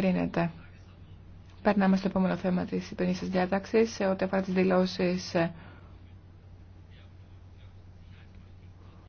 Γκρίνεται. Περνάμε στο επόμενο θέμα της υπηρεσίας διάταξης, σε ό,τι αφορά τις δηλώσεις